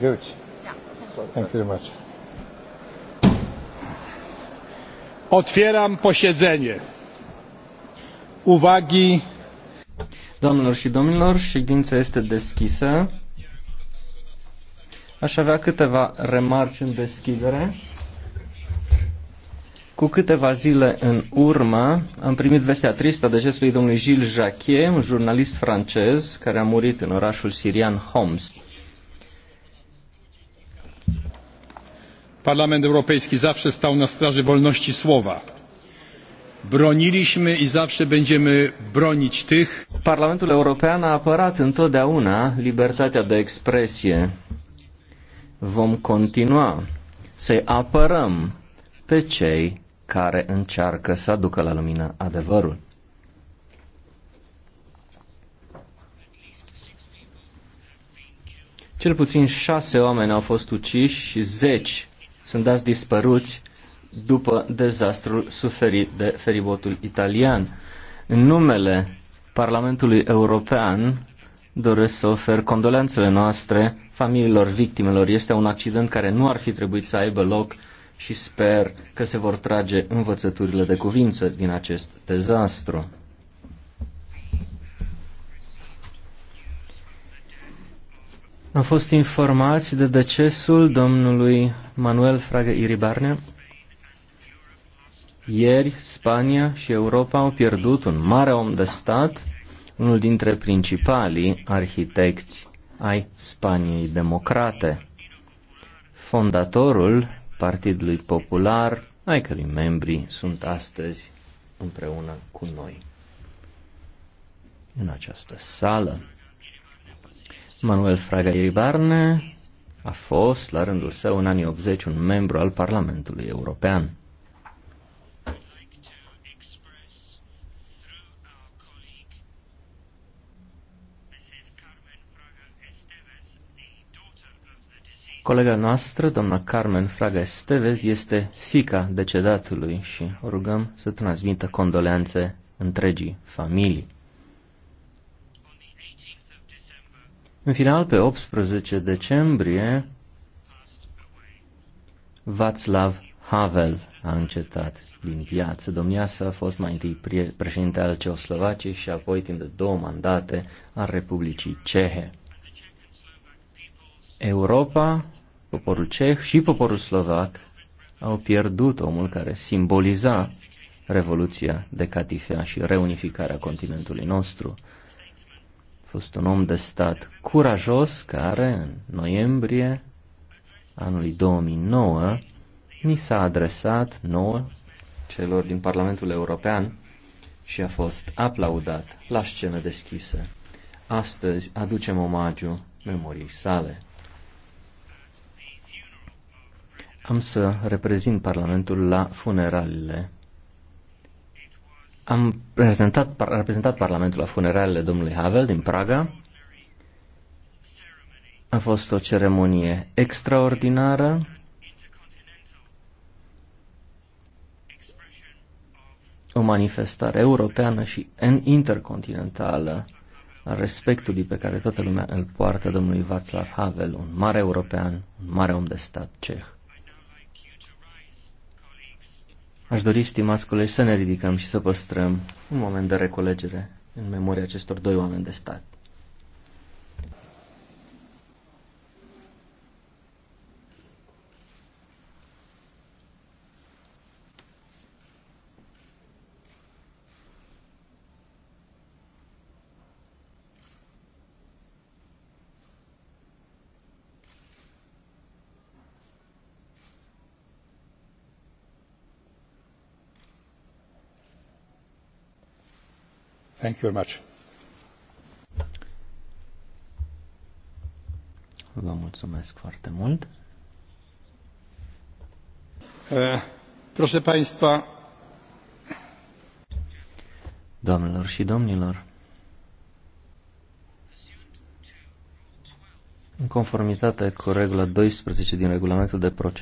Good. Thank you very much. Otwieram posiedzenie. Uwagi. Domnilor și domnilor, ședința este deschisă. Aș avea câteva remarci în deschidere. Cu câteva zile în urmă am primit vestea tristă a decesului domnului Gilles Jacquier, un jurnalist francez care a murit în orașul sirian Homs. Parlament Europejski zawsze stał na straży wolności słowa. Broniliśmy i zawsze będziemy bronić tych. Parlamentul European a apărat întotdeauna libertatea de expresie. Vom continua să-i apărăm pe cei care încearcă să aducă la lumină adevărul. Cel puțin șase oameni au fost uciși și zeci sunt dați dispăruți după dezastrul suferit de feribotul italian. În numele Parlamentului European doresc să ofer condolențele noastre familiilor victimelor. Este un accident care nu ar fi trebuit să aibă loc și sper că se vor trage învățăturile de cuvință din acest dezastru. Am fost informați de decesul domnului Manuel Fraga Iribarne. Ieri, Spania și Europa au pierdut un mare om de stat, unul dintre principalii arhitecți ai Spaniei democrate, fondatorul Partidului Popular, ai cărui membrii sunt astăzi împreună cu noi în această sală. Manuel Fraga Iribarne a fost, la rândul său, în anii 80, un membru al Parlamentului European. Colega noastră, doamna Carmen Fraga Esteves, este fica decedatului și o rugăm să transmită condoleanțe întregii familii. În final, pe 18 decembrie, Václav Havel a încetat din viață. Domnia a fost mai întâi președinte al Ceoslovaciei și apoi timp de două mandate al Republicii Cehe. Europa, poporul ceh și poporul slovac au pierdut omul care simboliza Revoluția de Catifea și reunificarea continentului nostru fost un om de stat curajos care în noiembrie anului 2009 ni s-a adresat nouă celor din Parlamentul European și a fost aplaudat la scenă deschisă. Astăzi aducem omagiu memoriei sale. Am să reprezint Parlamentul la funeralile am prezentat, reprezentat Parlamentul la funeralele domnului Havel din Praga. A fost o ceremonie extraordinară. O manifestare europeană și intercontinentală a respectului pe care toată lumea îl poartă domnului Václav Havel, un mare european, un mare om de stat ceh. Aș dori, stimați colegi, să ne ridicăm și să păstrăm un moment de recolegere în memoria acestor doi oameni de stat. Thank you very much. Vă mulțumesc foarte mult. Uh, proszę Państwa. Doamnelor și domnilor, în conformitate cu regula 12 din regulamentul de procedură,